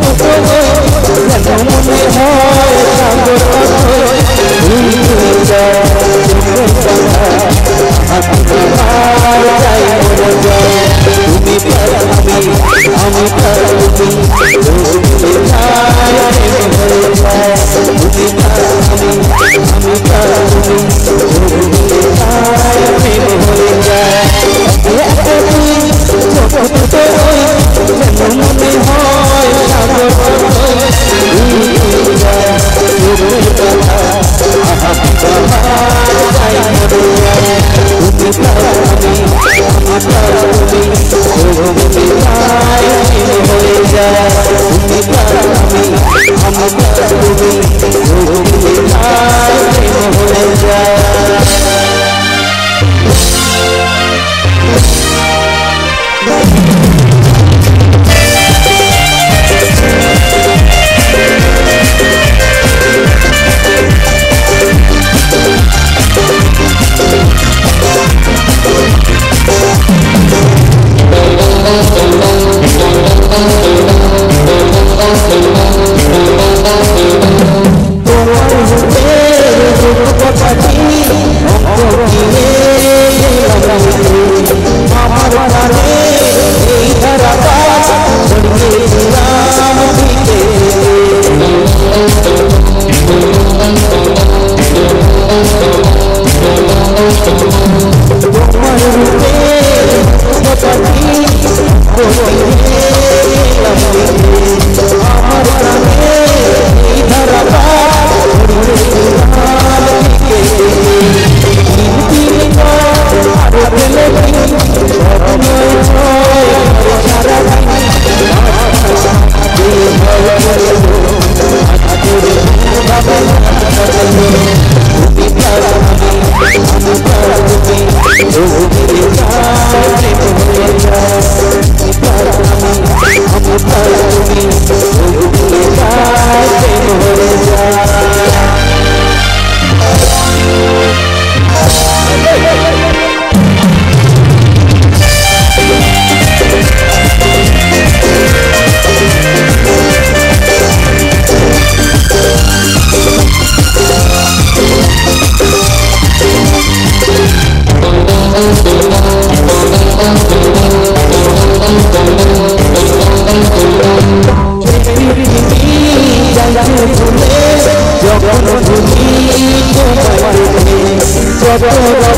মনে হয় সাগর Thank you. Baba